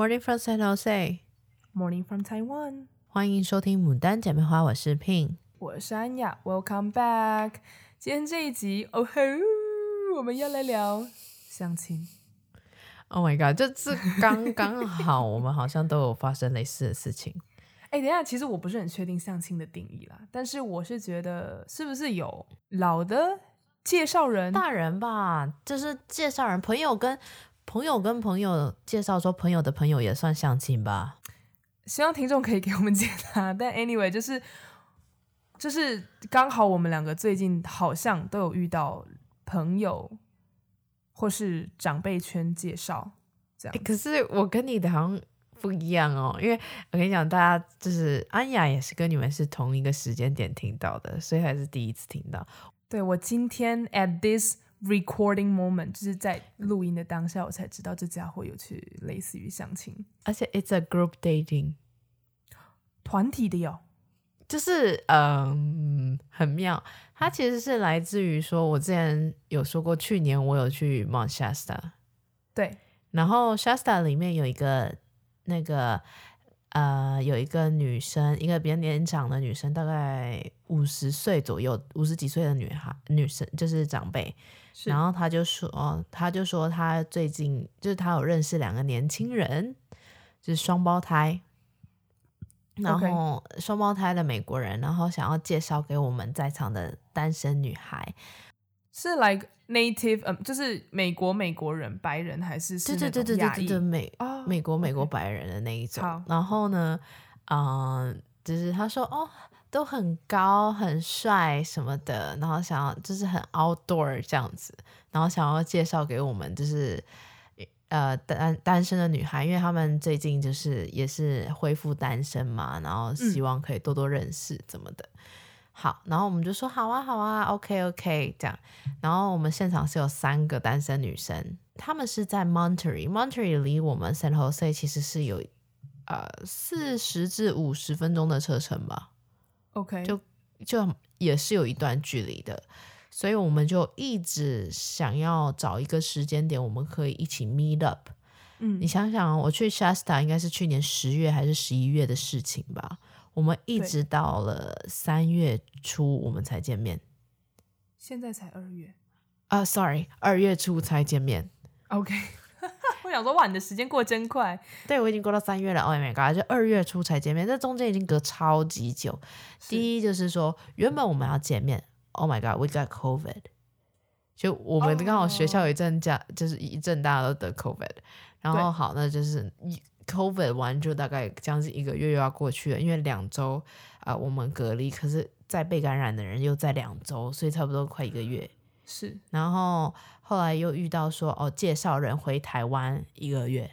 Morning from San Jose。Morning from Taiwan，歡迎收聽《牡丹姐妹花》，我 Ping，我是 Pin，我是安雅。Welcome back，今天這一集哦吼，oh, ho, 我們要來聊相親。Oh my god，這次剛剛好， 我們好像都有發生類似的事情。哎、 欸，等一下，其實我不是很確定相親的定義啦，但是我是覺得是不是有老的介紹人，大人吧，就是介紹人，朋友跟。朋友跟朋友介紹說，朋友的朋友也算相親吧？希望聽眾可以給我們解答。但 anyway，就是就是剛好我們兩個最近好像都有遇到朋友或是長輩圈介紹這樣、欸。可是我跟你的好像不一樣哦，因為我跟你講，大家就是安雅也是跟你們是同一個時間點聽到的，所以還是第一次聽到。對，我今天 at this。Recording moment，就是在錄音的當下，我才知道這家伙有去類似於相親，而且 It's a group dating，團體的喲，就是嗯，很妙。它其實是來自於說，我之前有說過去年我有去 Mount Shasta，對，然後 Shasta 裡面有一個那個。呃，有一個女生，一個比較年長的女生，大概五十歲左右，五十幾歲的女孩，女生就是長輩是。然後她就說，她就說她最近就是她有認識兩個年輕人，就是雙胞胎，然後雙胞胎的美國人，Okay. 然後想要介紹給我們在場的單身女孩。是 like native，、呃、就是美國美國人白人，還是是那種亞裔對對對對對美、oh, okay. 美國美國白人的那一種。然後呢，嗯、呃，就是他說哦，都很高很帥什麼的，然後想要就是很 outdoor 這樣子，然後想要介紹給我們，就是呃單單身的女孩，因為他們最近就是也是恢復單身嘛，然後希望可以多多認識怎麼的。嗯好，然後我們就說好啊，好啊，好啊，OK OK，這樣。然後我們現場是有三個單身女生，她們是在 Monterey，Monterey 離我們 San Jose 其實是有呃四十至五十分鐘的車程吧。OK，就就也是有一段距離的，所以我們就一直想要找一個時間點，我們可以一起 Meet Up。嗯，你想想，我去 Shasta 應該是去年十月還是十一月的事情吧。我們一直到了三月初，我們才見面。現在才二月。啊、uh，Sorry，二月初才見面。OK， 我想說哇，你的時間過真快。對，我已經過到三月了。Oh my god，就二月初才見面，這中間已經隔超級久。第一就是說，原本我們要見面。Oh my god，we got COVID。就我們剛好學校有一陣假，oh. 就是一陣大家都得 COVID。然後好，那就是一。COVID 完就大概將近一個月又要過去了，因為兩周啊、呃、我們隔離，可是再被感染的人又在兩周，所以差不多快一個月。是，然後後來又遇到說哦，介紹人回台灣一個月，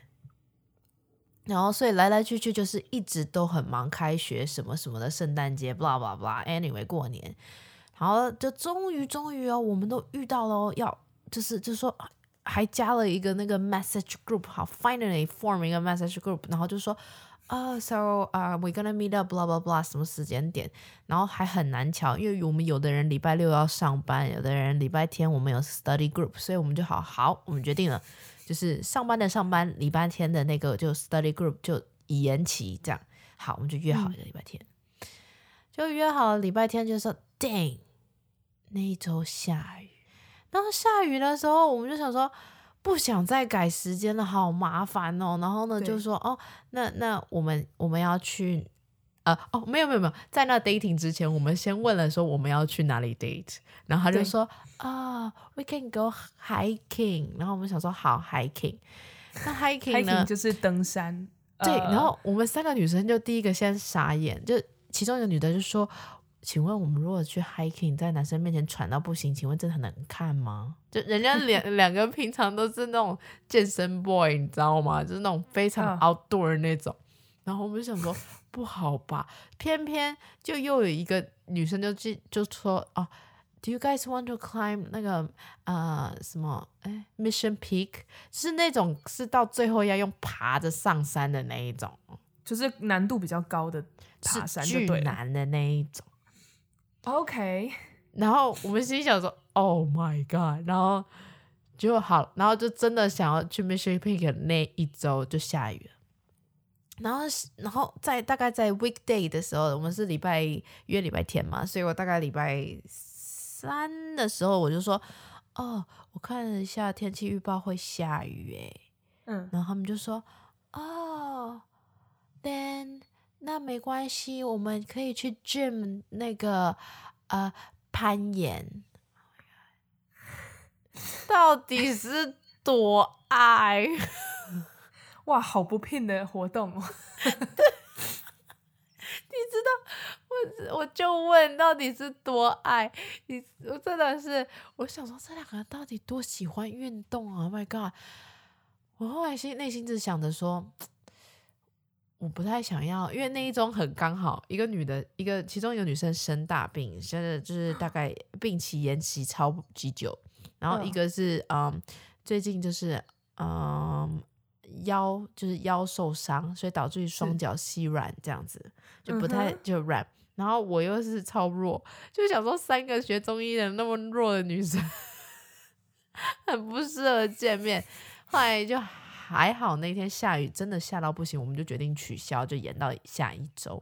然後所以來來去去就是一直都很忙，開學什麼什麼的，聖誕節，blah blah blah，anyway 過年，然後就終於終於哦，我們都遇到了、哦、要就是就是說。還加了一個那個 message group，好 finally form 一個 message group，然後就說，啊、oh, so 啊、uh, we gonna meet up blah blah blah 什麼時間點，然後還很難喬，因為我們有的人禮拜六要上班，有的人禮拜天我們有 study group，所以我們就好好我們決定了，就是上班的上班，禮拜天的那個就 study group 就延期這樣，好我們就約好一個禮拜天，嗯、就約好了禮拜天就說 d a dang 那一周下雨。當下雨的時候，我們就想說不想再改時間了，好麻煩哦！然後呢，就說哦，那那我們我們要去呃哦，沒有沒有沒有，在那 dating 之前，我們先問了說我們要去哪裡 date，然後他就說啊、哦，we can go hiking。然後我們想說好 hiking，那 hiking 呢 hiking 就是登山，對、呃。然後我們三個女生就第一個先傻眼，就其中一個女的就說。請問我們如果去 hiking，在男生面前喘到不行，請問這很難看嗎？就人家兩 兩個平常都是那種健身 boy，你知道嗎？就是那種非常 outdoor 的那種。Uh, 然後我們就想說 不好吧，偏偏就又有一個女生就去，就說哦、oh,，Do you guys want to climb 那個啊、uh, 什麼？哎，Mission Peak，就是那種是到最後要用爬着上山的那一種，就是難度比較高的爬山，就對了，是巨難的那一種。OK，然後我們心想說 ，Oh my god，然後就好，然後就真的想要去 Mashape i 那一週就下雨了，然後然後在大概在 weekday 的時候，我們是禮拜約禮拜天嘛，所以我大概禮拜三的時候我就說，哦，我看了一下天氣預報會下雨哎、欸，嗯，然後他們就說，哦，Then。那沒關係，我們可以去 gym 那個呃攀岩，oh、到底是多愛？ 哇，好不拼的活動、哦、 你知道，我我就問到底是多愛？你我真的是，是我想說，這兩個人到底多喜歡運動啊！My God，我後來心內心就想着說。我不太想要，因為那一種很剛好，一個女的，一個其中一個女生生大病，現在就是大概病期延期超級久，然後一個是、哦、嗯，最近就是嗯腰就是腰受傷，所以導致於雙腳細軟這樣子，就不太就軟、嗯，然後我又是超弱，就想說三個學中醫的那麼弱的女生，很不適合見面，後來就。還好那天下雨，真的下到不行，我們就決定取消，就延到下一周。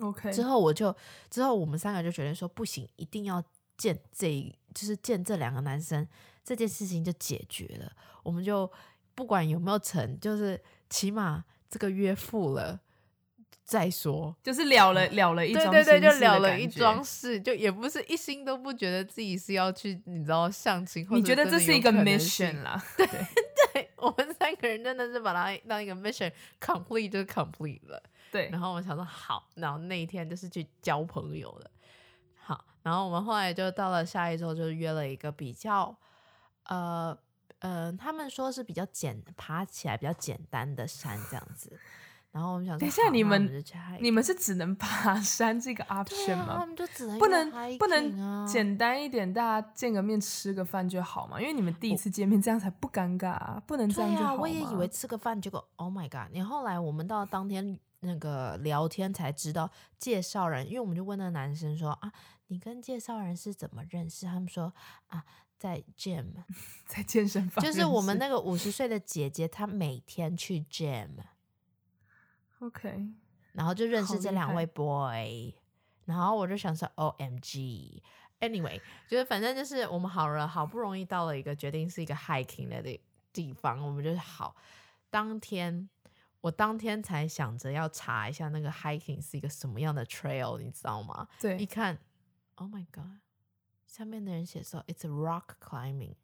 OK，之後我就，之後我們三個就決定說不行，一定要見這，就是見這兩個男生，這件事情就解決了。我們就不管有沒有成，就是起碼這個約付了再說，就是了了了了一樁事，對對對，就了了一樁事，就也不是一心都不覺得自己是要去，你知道相親？你覺得這是一個 mission 啦？對。 我們三個人真的是把它當一個 mission complete，就是 complete 了。對，然後我想說好，然後那一天就是去交朋友了。好，然後我們後來就到了下一周，就約了一個比較呃嗯、呃，他們說是比較簡爬起來比較簡單的山，這樣子。 然後我們想說，等一下你們、們你們是只能爬山這個 option 嗎？對啊，他們就只能、啊，不能不能簡單一點，大家見個面吃個飯就好嘛。因為你們第一次見面，這樣才不尷尬啊！不能這樣就好嗎？對，啊，我也以為吃個飯，結果 oh my god！你後來我們到當天那個聊天才知道，介紹人，因為我們就問那男生說啊，你跟介紹人是怎麼認識？他們說啊，在 gym， 在健身房，就是我們那個五十歲的姐姐， 她每天去 gym。OK，然後就認識這兩位 boy，然後我就想說 OMG，Anyway，就是反正就是我們好了，好不容易到了一個決定是一個 hiking 的地地方，我們就是好。當天我當天才想着要查一下那個 hiking 是一個什麼樣的 trail，你知道嗎？對，一看，Oh my God，下面的人寫說 It's a rock climbing，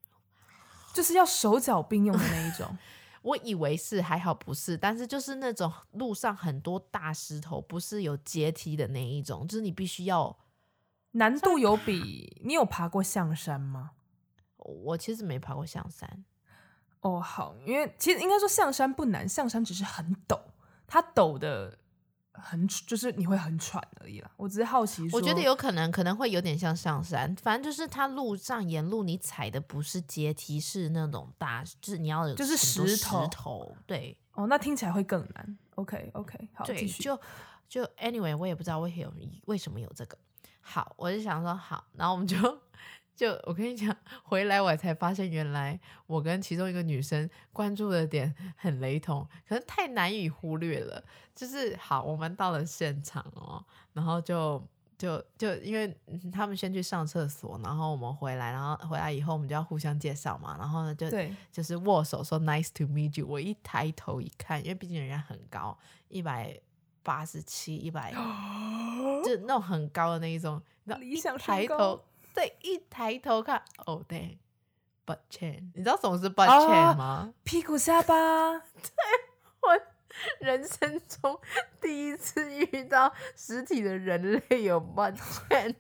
就是要手腳並用的那一種。 我以為是還好不是，但是就是那種路上很多大石頭，不是有階梯的那一種，就是你必須要難度有比你有爬過象山嗎？哦，我其實沒爬過象山。哦，好，因為其實應該說象山不難，象山只是很陡，它陡的。很，就是你會很喘而已啦。我只是好奇說，我覺得有可能可能會有點像上山，反正就是他路上沿路你踩的不是階梯，是那種大，就是你要有就是石頭石頭。對，哦，那聽起來會更難。OK OK，好，繼續。就就 anyway，我也不知道為什麼為什麼有這個。好，我就想說好，然後我們就。就我跟你講，回來我才發現，原來我跟其中一個女生關注的點很雷同，可能太難以忽略了。就是好，我們到了現場哦，然後就就就因為他們先去上廁所，然後我們回來，然後回來以後我們就要互相介紹嘛，然後呢就對，就是握手說 nice to meet you。我一抬頭一看，因為畢竟人家很高，一百八十七一百，就那種很高的那一種，那理想抬頭。對，一抬頭看 Oh，對，butt chin 你知道什麼是 butt chin 嗎、哦？屁股下巴，對，我人生中第一次遇到實體的人類有 butt chin，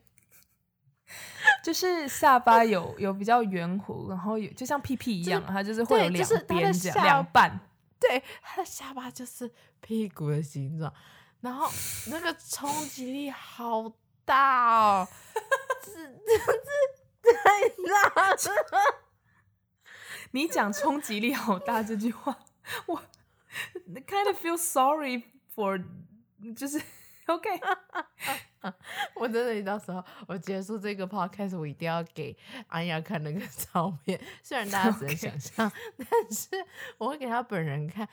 就是下巴有有比較圓弧，然後有就像屁屁一樣、就是，它就是會有兩邊、就是、它的下兩半，對，他的下巴就是屁股的形狀，然後那個衝擊力好大哦。 是，真是太辣了！你講衝擊力好大這句話，我 kind of feel sorry for，就是 OK、啊啊。我真的，你到時候我結束這個 podcast，我一定要給安雅看那個照片。雖然大家只能想象，okay. 但是我會給他本人看。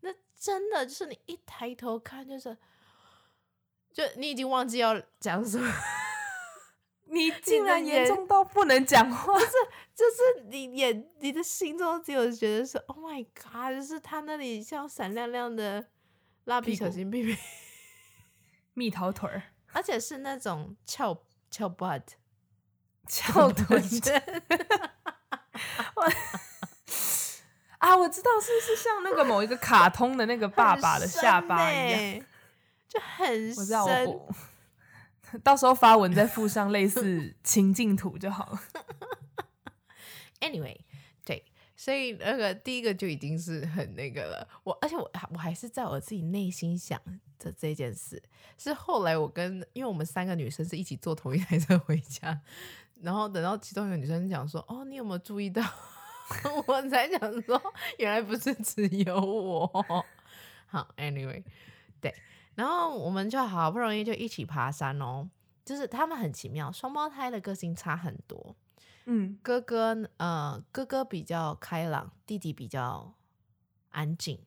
那真的就是你一抬頭看，就是就你已經忘記要講什麼。你竟然嚴重到不能講話，就是就是你眼你的心中只有覺得說 Oh my God，就是他那裡像閃亮亮的蠟筆小新 baby 蜜桃腿兒， 而且是那種翹翹 butt 翹我 啊，我知道，是不是像那個某一個卡通的那個爸爸的下巴一樣，很深欸、就很深。我知道我到時候發文再附上類似情境圖就好了。 anyway，對，所以那個第一個就已經是很那個了。我而且我我還是在我自己內心想着這件事，是後來我跟因為我們三個女生是一起坐同一台車回家，然後等到其中一個女生講說：“哦，你有沒有注意到？” 我才想說，原來不是只有我。好，Anyway，對。然後我們就好不容易就一起爬山哦，就是他們很奇妙，雙胞胎的個性差很多。嗯，哥哥呃，哥哥比較開朗，弟弟比較安靜。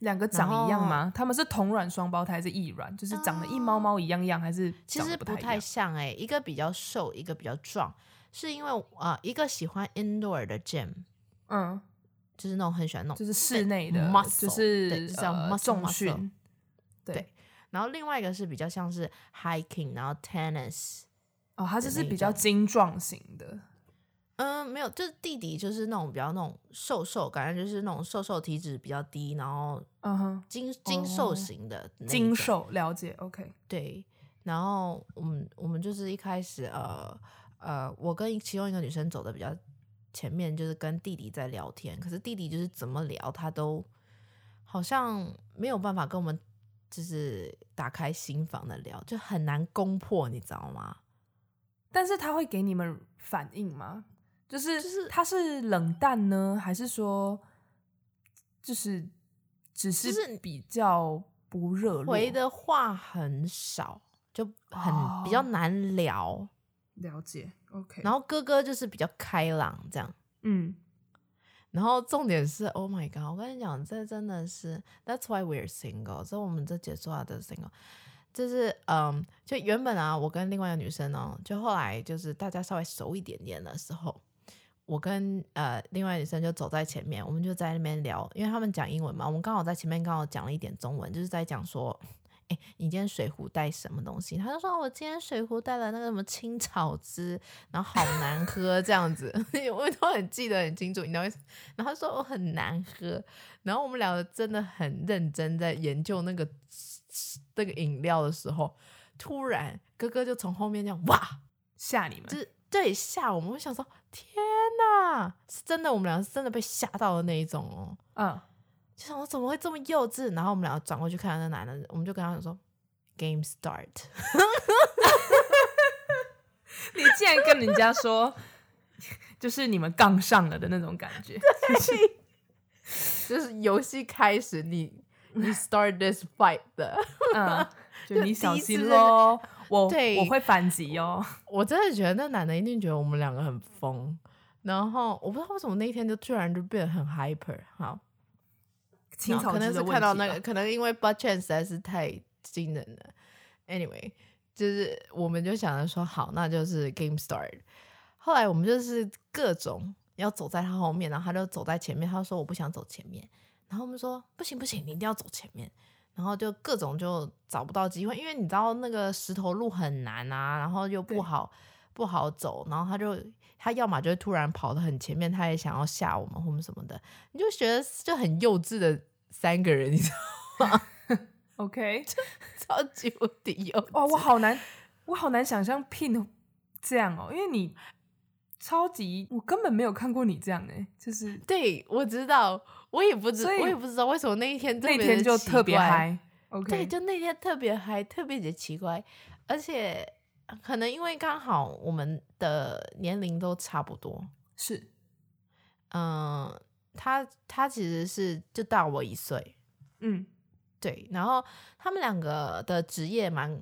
兩個長，長一樣嗎？他們是同卵雙胞胎還是異卵？就是長得一毛毛一樣樣，啊、還是其實不太像哎、欸，一個比較瘦，一個比較壯，是因為啊、呃，一個喜歡 indoor 的 gym，嗯，就是那種很喜歡那種，就是室內的，muscle，就是像、就是呃、重訓。Muscle. 對,對，然後另外一個是比較像是 hiking，然後 tennis，哦，他就是比較精壯型的,的，嗯，沒有，就是弟弟就是那種比較那種瘦瘦，感覺就是那種瘦瘦體脂比較低，然後嗯哼，精精瘦型的，精瘦了解，OK，對，然後我們我們就是一開始呃呃，我跟其中一個女生走的比較前面，就是跟弟弟在聊天，可是弟弟就是怎麼聊他都好像沒有辦法跟我們。就是打開心房的聊，就很難攻破，你知道嗎？但是他會給你們反應嗎？就是、就是、他是冷淡呢，還是說就是只是比較不熱絡？就是、回的話很少，就很比較難聊。哦、了解，OK。然後哥哥就是比較開朗，這樣，嗯。然後重點是，Oh my God！我跟你講，這真的是 That's why we're single。所以我們這結束了的 single，就是嗯，就原本啊，我跟另外一個女生呢、哦，就後來就是大家稍微熟一點點的時候，我跟呃另外一個女生就走在前面，我們就在那邊聊，因為他們講英文嘛，我們剛好在前面剛好講了一點中文，就是在講說。哎、欸，你今天水壺帶什麼東西？他就說，我今天水壺帶了那個什麼青草汁，然後好難喝這樣子， 我都很記得很清楚。飲料，然後他說我很難喝，然後我們兩個真的很認真在研究那個那個飲料的時候，突然哥哥就從後面這樣哇嚇你們，就是對嚇我們，我想說天哪，是真的，我們兩個是真的被嚇到的那一種哦、喔，嗯。就想我怎麼會這麼幼稚？然後我們兩個轉過去看，看那男的，我們就跟他講說：“Game start， 你竟然跟人家說，就是你們槓上了的那種感覺，就是遊戲、就是、開始你，你、嗯、你 start this fight，的，嗯、就你小心嘍，我對我會反擊哦我。我真的覺得那男的一定覺得我們兩個很瘋。然後我不知道為什麼那一天就突然就變得很 hyper，好。”清 no, 可能是看到那個，可能因為 butcher 實在是太驚人了。Anyway，就是我們就想着說好，那就是 Game Start。後來我們就是各種要走在他後面，然後他就走在前面。他就說我不想走前面。然後我們說不行不行，你一定要走前面。然後就各種就找不到機會，因為你知道那個石頭路很難啊，然後又不好。不好走，然後他就他要麼就會突然跑到很前面，他也想要嚇我們或者什麼的，你就覺得就很幼稚的三個人，你知道嗎 ？OK，超級無敵幼稚哦！我好難，我好難想象 Pin 這樣哦，因為你超級， 我根本沒有看過你這樣哎，就是，對，我知道，我也不知我也不知道為什麼那一天那天就特別嗨，OK，對，就那天特別嗨，特別的奇怪，而且。可能因為剛好我們的年齡都差不多，是，嗯、呃，他他其實是就大我一歲，嗯，對，然後他們兩個的職業蠻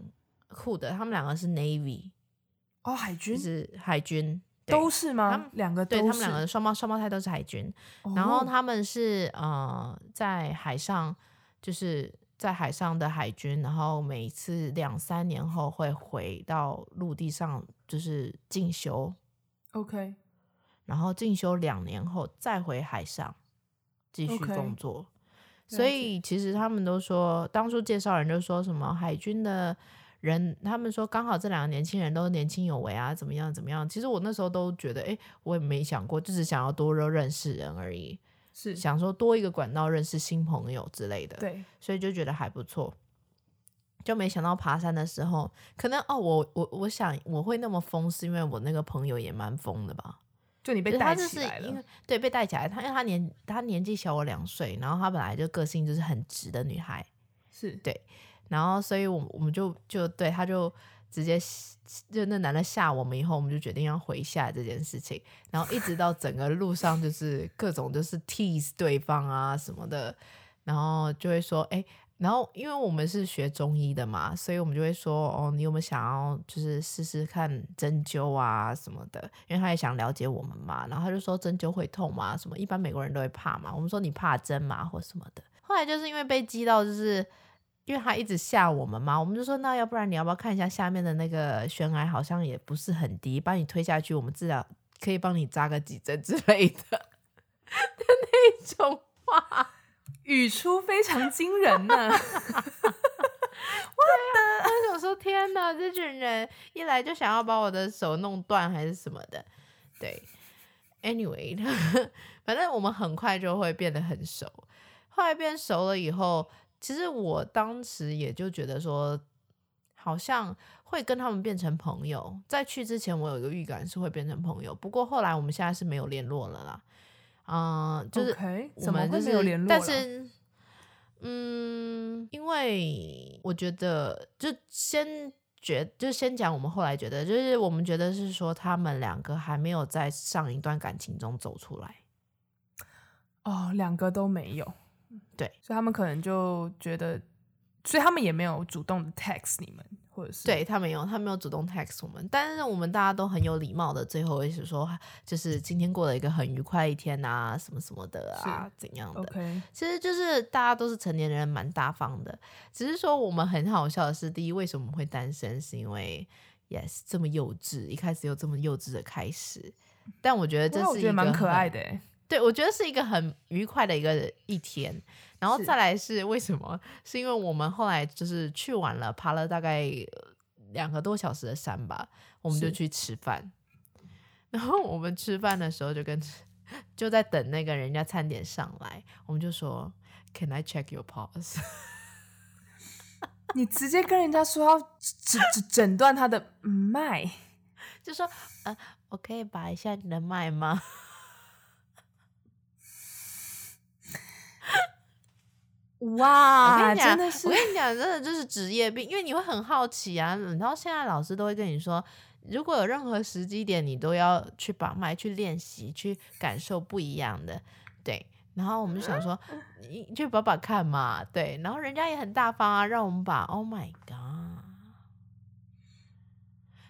酷的，他們兩個是 Navy，哦，海軍、就是海軍，都是嗎？兩個他們對他們兩個雙胞雙胞胎都是海軍，哦、然後他們是呃在海上就是。在海上的海軍，然後每一次兩三年後會回到陸地上就是進修，OK，然後進修兩年後再回海上繼續工作。Okay. 所以其實他們都說，當初介紹人就說什麼海軍的人，他們說剛好這兩個年輕人都年輕有為啊，怎麼樣怎麼樣。其實我那時候都覺得，誒，我也沒想過，就是想要多認識人而已。是想說多一個管道認識新朋友之類的，對，所以就覺得還不錯，就沒想到爬山的時候，可能哦，我我我想我會那麼瘋，是因為我那個朋友也蠻瘋的吧？就你被帶起來了，就是、因為對被帶起來，他因為他年他年紀小我兩歲，然後他本來就個性就是很直的女孩，是對，然後所以我我們就就對他就。直接就那男的嚇我們，以後我們就決定要回下這件事情，然後一直到整個路上就是各種就是 tease 對方啊什麼的，然後就會說哎、欸，然後因為我們是學中醫的嘛，所以我們就會說哦，你有沒有想要就是試試看針灸啊什麼的？因為他也想了解我們嘛，然後他就說針灸會痛嗎？什麼一般美國人都會怕嘛？我們說你怕針嘛或什麼的。後來就是因為被激到就是。因為他一直嚇我們嘛，我們就說那要不然你要不要看一下下面的那個懸崖，好像也不是很低，把你推下去，我們至少可以幫你扎個幾針之類的的 那種話，語出非常驚人呢。What the? 啊，我想說天哪，這群人一來就想要把我的手弄斷還是什麼的。對，anyway，反正我們很快就會變得很熟。後來變熟了以後。其實我當時也就覺得說，好像會跟他們變成朋友。在去之前，我有一個預感是會變成朋友。不過後來，我們現在是沒有聯絡了啦。嗯，就是我們、就是、Okay, 怎麼會是沒有聯絡了？但是，嗯，因為我覺得，就先覺，就先講我們後來覺得，就是我們覺得是說，他們兩個還沒有在上一段感情中走出來。哦，兩個都沒有。對，所以他們可能就覺得，所以他們也沒有主動的 text 你們，或者是對他沒有，他沒有主動 text 我們，但是我們大家都很有禮貌的，最後也是說，就是今天過了一個很愉快一天啊，什麼什麼的啊，怎樣的？okay，其實就是大家都是成年人，蠻大方的，只是說我們很好笑的是，第一為什麼會單身，是因為 yes 這麼幼稚，一開始有這麼幼稚的開始，但我覺得這是一個蠻可愛的欸。對，我覺得是一個很愉快的一個一天。然後再來是為什麼？是，是因為我們後來就是去玩了，爬了大概兩個多小時的山吧，我們就去吃飯。然後我們吃飯的時候，就跟就在等那個人家餐點上來，我們就說：“Can I check your pulse？” 你直接跟人家說要診診診斷他的脈，就說：“呃，我可以把一下你的脈嗎？”哇！我跟你講，我跟你講，真的就是職業病，因為你會很好奇啊。然後現在老師都會跟你說，如果有任何時機點，你都要去把脈去練習，去感受不一樣的。對，然後我們想說、啊，你去把把看嘛。對，然後人家也很大方啊，讓我們把。Oh my god！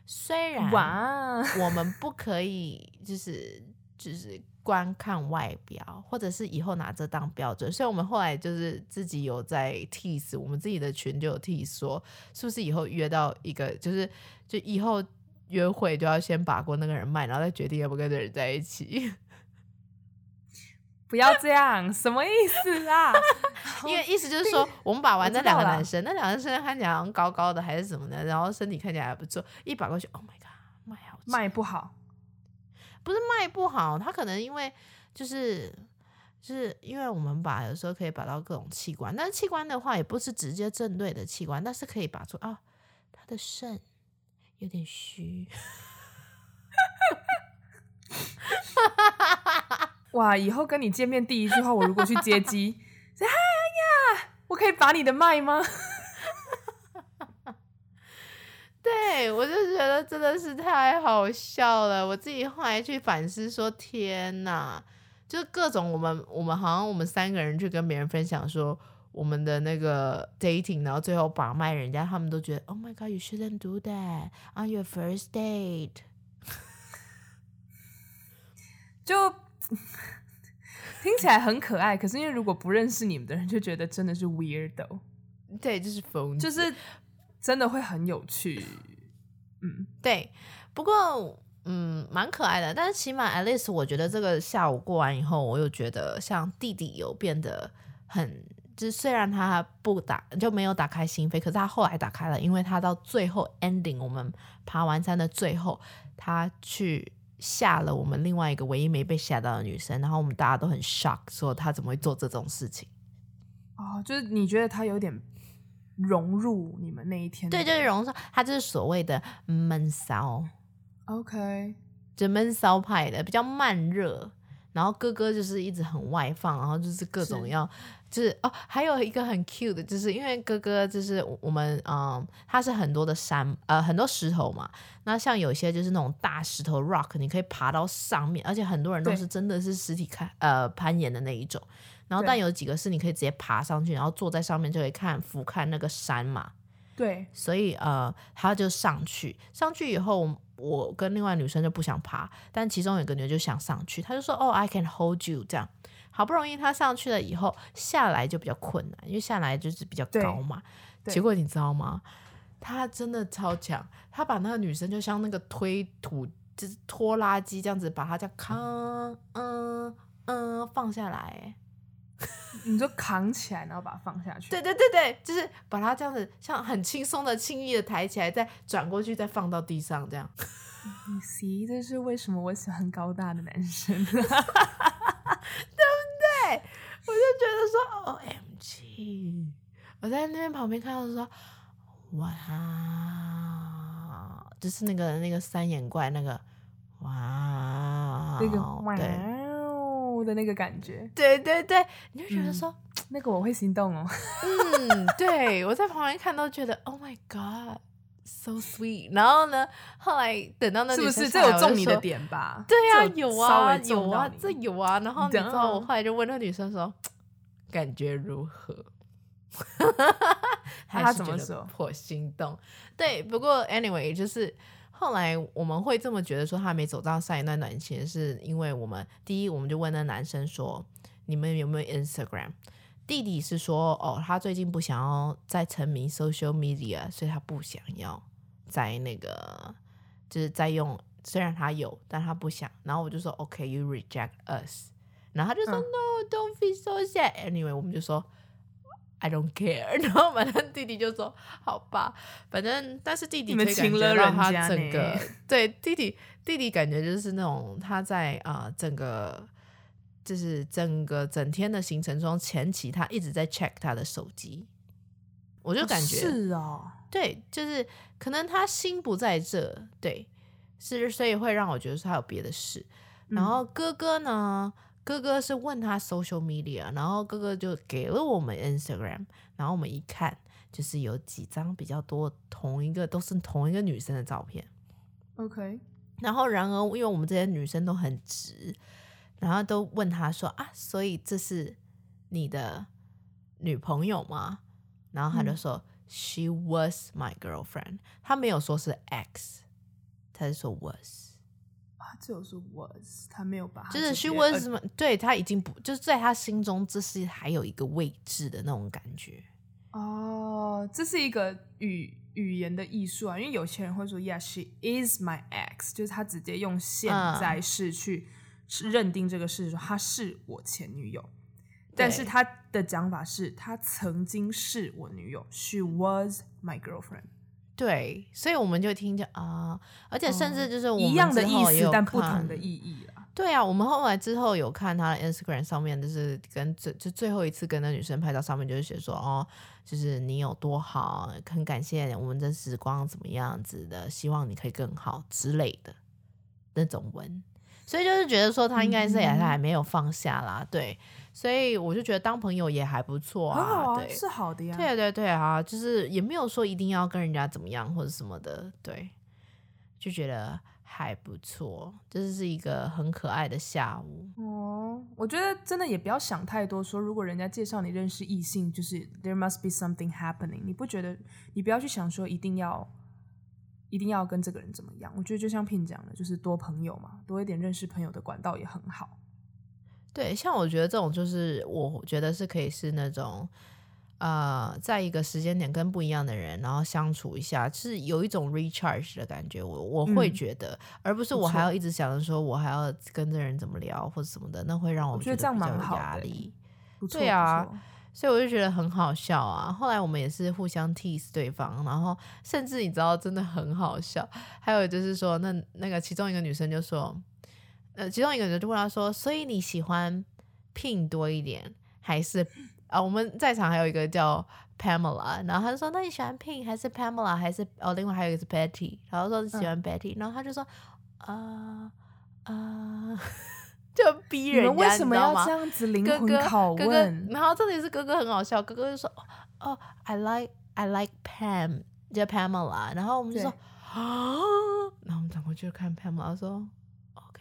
雖然我們不可以，就是就是。 觀看外表，或者是以後拿這當標準。所以我們後來就是自己有在 tease，我們自己的群就有 tease，說是不是以後約到一個，就是就以後約會都要先把過那個人脈，然後再決定要不要跟這人在一起。不要這樣， 什麼意思啊？ 因為意思就是說， 我們把完那兩個男生，那兩個男生看起來好像高高的還是什麼的，然後身體看起來還不錯，一把過去，Oh my god，脈好脈不好。不是賣不好，他可能因為就是就是因為我們把有時候可以把到各種器官，但是器官的話也不是直接正對的器官，但是可以拔出啊，他、哦、的腎有點虛，哈哈哈哈哈哈哈哈哇，以後跟你見面第一句話，我如果去接機， 哎、我可以把你的脈嗎？對，我就覺得真的是太好笑了。我自己後來去反思，說天哪，就各種我們，我們好像我們三個人去跟別人分享說我們的那個 dating，然後最後把脈人家，他們都覺得 Oh my god, you shouldn't do that on your first date 就。就聽起來很可愛，可是因為如果不認識你們的人，就覺得真的是 weirdo。對，就是瘋，就是。真的會很有趣。嗯，嗯， 對，不過嗯，蠻可愛的。但是起碼 Alice 我覺得這個下午過完以後，我又覺得像弟弟有變得很，就雖然他不打，就沒有打開心扉，可是他後來打開了，因為他到最後 ending，我們爬完山的最後，他去嚇了我們另外一個唯一沒被嚇到的女生，然後我們大家都很 shock，說他怎麼會做這種事情？哦，就是你覺得他有點。融入你們那一天的。對，就是融入，他就是所謂的悶騷，OK，就悶騷派的比較慢熱，然後哥哥就是一直很外放，然後就是各種要，就是哦，還有一個很 cute 的，就是因為哥哥就是我們嗯、呃，他是很多的山，呃，很多石頭嘛，那像有些就是那種大石頭 rock，你可以爬到上面，而且很多人都是真的是實體看，呃，攀岩的那一種。然後，但有幾個是你可以直接爬上去，然後坐在上面就可以看俯瞰那個山嘛。對，所以呃，他就上去，上去以後，我跟另外一女生就不想爬，但其中有一個女生就想上去，她就說：“哦，I can hold you。”這樣，好不容易她上去了以後，下來就比較困難，因為下來就是比較高嘛。結果你知道嗎？她真的超強，她把那個女生就像那個推土就是拖拉機這樣子把她這樣扛“咔嗯嗯，嗯”放下來。你就扛起來，然後把它放下去。 對對對對，就是把它這樣子，像很輕鬆的、輕易的抬起來，再轉過去，再放到地上這樣。You see，這是為什麼？我喜歡高大的男生， 對不對？我就覺得說，OMG。我在那邊旁邊看到說，哇、wow!，就是那個那個三眼怪那個 wow! 這個，哇，那個，對。的那個感覺，對對對，你就覺得說、嗯、那個我會心動哦。 嗯，對我在旁邊看都覺得，Oh my God，so sweet。然後呢，後來等到那女生，是不是這有中你的點吧？對啊，有，有啊，有啊，這有啊。然後你知道，我後來就問那女生說，嗯、感覺如何？ 還什麼時候破心動他他說？對，不過 Anyway 就是。後來我們會這麼覺得，說他沒走到上一段感情，是因為我們第一，我們就問那男生說：“你們有沒有 Instagram？” 弟弟是說：“哦，他最近不想要再沉迷 social media，所以他不想要再那個，就是再用。雖然他有，但他不想。”然後我就說、嗯、：“OK，you、okay, reject us。”然後他就說、嗯、：“No，don't be so sad. Anyway，我們就說。” I don't care，然後反正弟弟就說，好吧，反正，但是弟弟感覺他整個，你們親了人家呢？對，弟弟弟弟感覺就是那種他在啊、呃、整個就是整個整天的行程中，前期他一直在 check 他的手機，我就感覺哦，是哦，對，就是可能他心不在這，對，是，所以會讓我覺得他有別的事，嗯、然後哥哥呢？哥哥是問他 social media，然後哥哥就給了我們 Instagram，然後我們一看，就是有幾張比較多，同一個都是同一個女生的照片。OK，然後然而，因為我們這些女生都很直，然後都問他說啊，所以這是你的女朋友嗎？然後他就說、嗯、she was my girlfriend，他沒有說是 ex，他是說 was。就是說 was，他沒有把，就是 she was 什、呃、麼，對她已經不，就是在她心中這是還有一個位置的那種感覺哦，這是一個語語言的藝術啊，因為有些人會說 yeah she is my ex，就是她直接用現在式去認定這個事實，說她是我前女友，嗯、但是他的講法是她曾經是我女友，she was my girlfriend。對，所以我們就聽着啊，而且甚至就是我們、嗯、一樣的意思，但不同的意義啊。對啊，我們後來之後有看他的 Instagram 上面，就是跟最就最後一次跟那女生拍照上面，就是寫說哦，就是你有多好，很感謝我們這時光怎麼樣子的，希望你可以更好之類的那種文。所以就是覺得說他應該是也、嗯、他還沒有放下啦，對。所以我就覺得當朋友也還不錯啊，很好啊，是好的呀。對對對啊，就是也沒有說一定要跟人家怎麼樣或者什麼的，對，就覺得還不錯，這是一個很可愛的下午。哦，我覺得真的也不要想太多，說如果人家介紹你認識異性，就是 there must be something happening，你不覺得？你不要去想說一定要，一定要跟這個人怎麼樣。我覺得就像 Pin 講的，就是多朋友嘛，多一點認識朋友的管道也很好。對，像我覺得這種就是，我覺得是可以是那種，呃，在一個時間點跟不一樣的人，然後相處一下，是有一種 recharge 的感覺。我我會覺得，嗯，而不是我還要一直想着說我還要跟這人怎麼聊或者什麼的，那會讓我覺得，我覺得這樣蠻有壓力。對啊，所以我就覺得很好笑啊。後來我們也是互相 tease 對方，然後甚至你知道真的很好笑。還有就是說，那那個其中一個女生就說。呃，其中一個人就問他說：“所以你喜歡 Pin 多一點，還是啊？我們在場還有一個叫 Pamela，然後他就說：那你喜歡 Pin 還是 Pamela，還是哦？另外還有一個是 Betty，然後說你喜歡 Betty，、嗯、然後他就說：呃呃， 就逼人家，你們為什麼要這樣子靈魂拷問，你知道嗎？哥哥哥哥？然後這裡是哥哥很好笑，哥哥就說：哦，I like I like Pam，叫 Pamela，然後我們就說啊，然後我們轉過去看 Pamela 說。”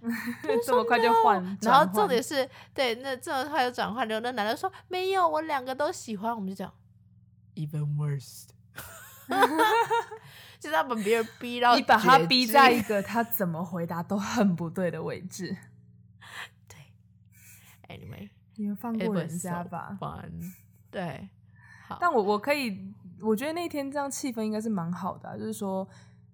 這麼快就換，然後重點是對，那這麼快就轉換。然後那男的說：“沒有，我兩個都喜歡。”我們就講 “even worst”，就 是 把別人逼到你把他逼在一個他怎麼回答都很不對的位置。 對，Anyway，你們放過人家吧。So fun. 對，好，但我我可以，我覺得那天這樣氣氛應該是蠻好的啊，就是說。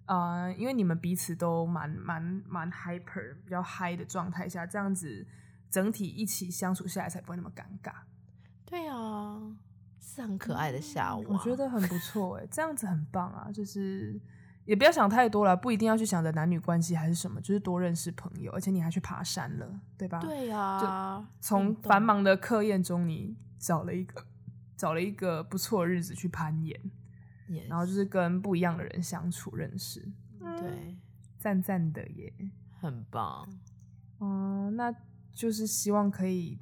啊、uh，因為你們彼此都蠻蠻蠻 hyper，比較嗨的狀態下，這樣子整體一起相處下來才不會那麼尷尬。對啊、哦，是很可愛的下午、啊， 我覺得很不錯哎，這樣子很棒啊，就是也不要想太多了，不一定要去想着男女關係還是什麼，就是多認識朋友，而且你還去爬山了，對吧？對呀、啊，從繁忙的課業中，你找了一個、嗯、找了一個不錯的日子去攀岩。Yes. 然後就是跟不一樣的人相處、認識，對，讚讚的耶，很棒。哦、嗯，那就是希望可以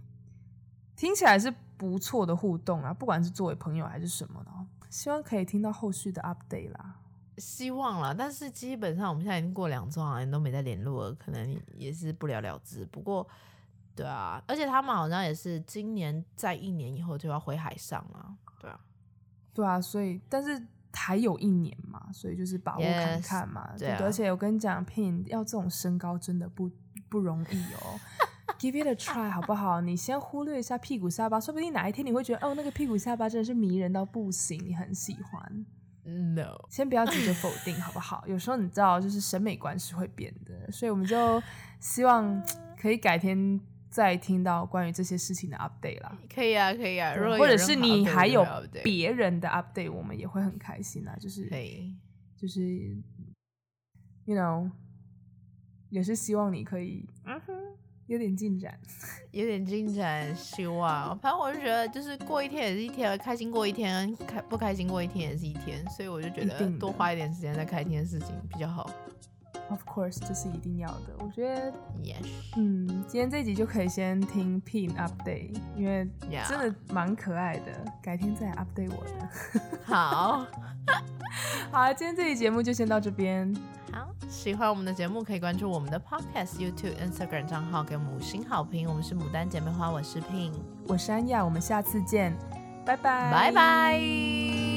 聽起來是不錯的互動啊，不管是作為朋友還是什麼的，希望可以聽到後續的 update 啦。希望啦，但是基本上我們現在已經過兩週，好像都沒再聯絡了，可能也是不了了之。不過，對啊，而且他們好像也是今年在一年以後就要回海上啦、啊。對啊，對啊，所以，但是。還有一年嘛，所以就是把握看看嘛。Yes, 而且我跟你講，Pin 要這種身高真的不不容易哦。Give it a try，好不好？你先忽略一下屁股下巴，說不定哪一天你會覺得，哦，那個屁股下巴真的是迷人到不行，你很喜歡。No，先不要急着否定，好不好？有時候你知道，就是審美觀是會變的，所以我們就希望可以改天，再聽到關於這些事情的 update 啦，可以啊，可以啊，如果或者是你還有別人的 update，我們也會很開心啊，就是，可以就是，you know，也是希望你可以，有點進展，mm -hmm. 有點進展，希望，反正我就覺得，就是過一天也是一天，開心過一天，開不開心過一天也是一天，所以我就覺得多花一點時間在開心的事情比較好。Of course，這是一定要的。我覺得 yes 嗯，今天這集就可以先聽 Pin Update，因為真的蠻可愛的。Yeah. 改天再 update 我們。 好 好，今天這集節目就先到這邊。好，喜歡我們的節目可以關注我們的 Podcast YouTube、Instagram 賬號，給我們五星好評。我們是牡丹姐妹花，我是 Pin，我是安雅，我們下次見，拜拜，拜拜。